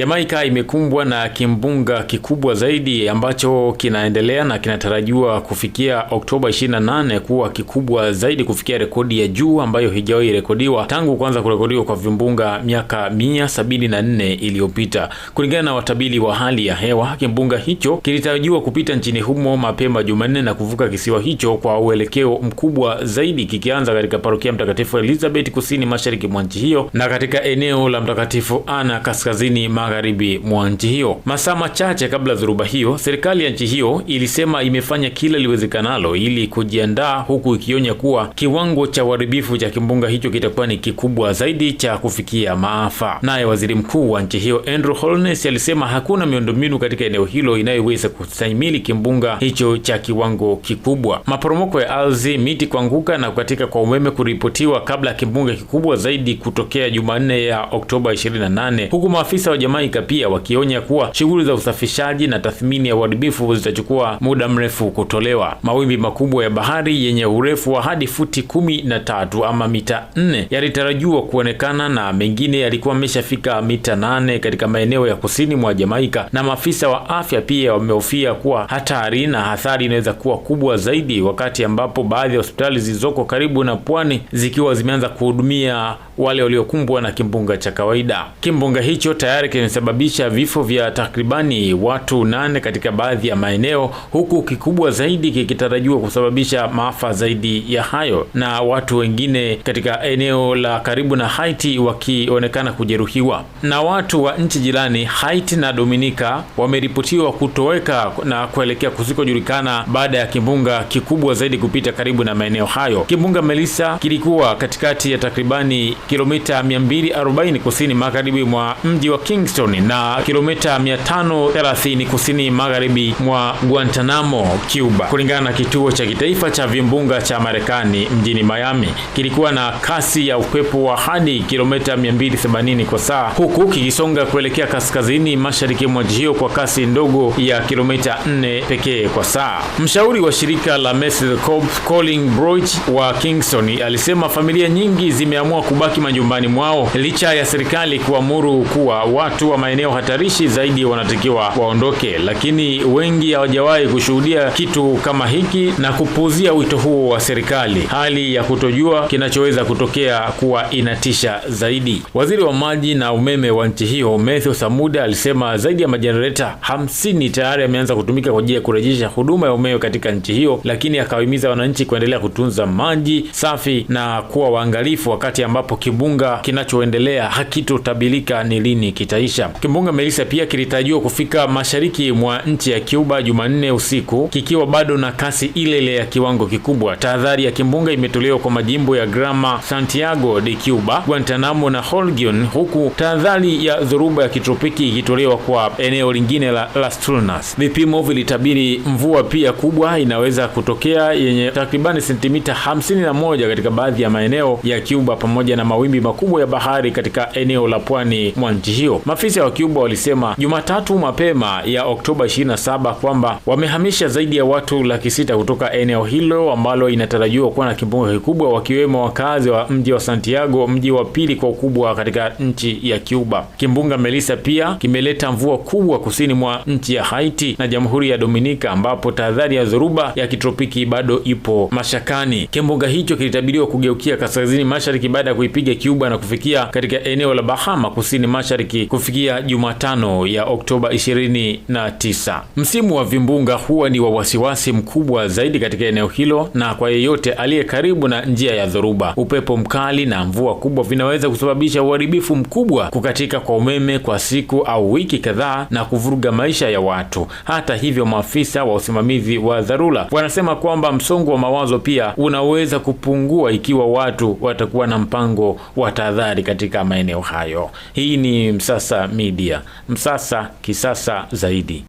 Jamaika imekumbwa na kimbunga kikubwa zaidi ambacho kinaendelea na kinatarajiwa kufikia Oktoba 28 kuwa kikubwa zaidi kufikia rekodi ya juu ambayo hijawahi rekodiwa tangu kuanza kurekodiwa kwa vimbunga miaka 174 iliyopita. Kulingana na watabiri wa hali ya hewa, kimbunga hicho kilitarajiwa kupita nchini humo mapema Jumanne na kuvuka kisiwa hicho kwa uelekeo mkubwa zaidi kikianza katika parokia Mtakatifu Elizabeth kusini mashariki mwa nchi hiyo na katika eneo la Mtakatifu Ana kaskazini ma magharibi mwa nchi hiyo. Masaa machache kabla dhuruba hiyo, serikali ya nchi hiyo ilisema imefanya kila liwezekanalo ili kujiandaa, huku ikionya kuwa kiwango cha uharibifu cha kimbunga hicho kitakuwa ni kikubwa zaidi cha kufikia maafa. Naye waziri mkuu wa nchi hiyo Andrew Holness alisema hakuna miundombinu katika eneo hilo inayoweza kustahimili kimbunga hicho cha kiwango kikubwa. Maporomoko ya ardhi, miti kuanguka na kukatika kwa umeme kuripotiwa kabla ya kimbunga kikubwa zaidi kutokea Jumanne ya Oktoba 28 huku maafisa wa jamani Tanganyika pia wakionya kuwa shughuli za usafishaji na tathmini ya uharibifu zitachukua muda mrefu kutolewa. Mawimbi makubwa ya bahari yenye urefu wa hadi futi kumi na tatu ama mita nne yalitarajiwa kuonekana na mengine yalikuwa ameshafika mita nane katika maeneo ya kusini mwa Jamaika, na maafisa wa afya pia wamehofia kuwa hatari na hathari inaweza kuwa kubwa zaidi, wakati ambapo baadhi ya hospitali zilizoko karibu na pwani zikiwa zimeanza kuhudumia wale waliokumbwa na kimbunga cha kawaida. Kimbunga hicho tayari kimesababisha vifo vya takribani watu nane katika baadhi ya maeneo, huku kikubwa zaidi kikitarajiwa kusababisha maafa zaidi ya hayo, na watu wengine katika eneo la karibu na Haiti wakionekana kujeruhiwa. Na watu wa nchi jirani Haiti na Dominika wameripotiwa kutoweka na kuelekea kusikojulikana baada ya kimbunga kikubwa zaidi kupita karibu na maeneo hayo. Kimbunga Melissa kilikuwa katikati ya takribani kilomita 240 kusini magharibi mwa mji wa Kingston na kilomita 530 kusini magharibi mwa Guantanamo, Cuba. Kulingana na kituo cha kitaifa cha vimbunga cha Marekani mjini Miami, kilikuwa na kasi ya upepo wa hadi kilomita 280 kwa saa, huku kikisonga kuelekea kaskazini mashariki mwa nchi hiyo kwa kasi ndogo ya kilomita 4 pekee kwa saa. Mshauri wa shirika la Mercy the Corps Colin Broich wa Kingston alisema familia nyingi zimeamua kubaki kubaki majumbani mwao licha ya serikali kuamuru kuwa watu wa maeneo hatarishi zaidi wanatakiwa waondoke, lakini wengi hawajawahi kushuhudia kitu kama hiki na kupuuzia wito huo wa serikali. Hali ya kutojua kinachoweza kutokea kuwa inatisha zaidi. Waziri wa maji na umeme wa nchi hiyo Matthew Samuda alisema zaidi ya majenereta hamsini tayari yameanza kutumika kwa ajili ya kurejesha huduma ya umeme katika nchi hiyo, lakini akawahimiza wananchi kuendelea kutunza maji safi na kuwa waangalifu wakati ambapo ki kimbunga kinachoendelea hakitotabirika ni lini kitaisha. Kimbunga Melissa pia kilitarajiwa kufika mashariki mwa nchi ya Cuba Jumanne usiku kikiwa bado na kasi ile ile ya kiwango kikubwa. Tahadhari ya kimbunga imetolewa kwa majimbo ya Grama, Santiago de Cuba, Guantanamo na Holguin, huku tahadhari ya dhoruba ya kitropiki ikitolewa kwa eneo lingine la Las Tunas. Vipimo vilitabiri mvua pia kubwa inaweza kutokea yenye takribani sentimita 51 katika baadhi ya maeneo ya Cuba pamoja na mawimbi makubwa ya bahari katika eneo la pwani mwa nchi hiyo. Maafisa wa Cuba walisema Jumatatu mapema ya Oktoba 27 kwamba wamehamisha zaidi ya watu laki sita kutoka eneo hilo ambalo inatarajiwa kuwa na kimbunga kikubwa, wakiwemo wakazi wa mji wa Santiago, mji wa pili kwa ukubwa katika nchi ya Cuba. Kimbunga Melissa pia kimeleta mvua kubwa kusini mwa nchi ya Haiti na Jamhuri ya Dominika, ambapo tahadhari ya dhoruba ya kitropiki bado ipo mashakani. Kimbunga hicho kilitabiriwa kugeukia kaskazini mashariki baada ya kuipiga kupiga Cuba na kufikia katika eneo la Bahama kusini mashariki kufikia Jumatano ya Oktoba 29. Msimu wa vimbunga huwa ni wa wasiwasi mkubwa zaidi katika eneo hilo na kwa yeyote aliye karibu na njia ya dhoruba. Upepo mkali na mvua kubwa vinaweza kusababisha uharibifu mkubwa, kukatika kwa umeme kwa siku au wiki kadhaa na kuvuruga maisha ya watu. Hata hivyo, maafisa wa usimamizi wa dharura wanasema kwamba msongo wa mawazo pia unaweza kupungua ikiwa watu watakuwa na mpango wa tahadhari katika maeneo hayo. Hii ni Msasa Media, Msasa kisasa zaidi.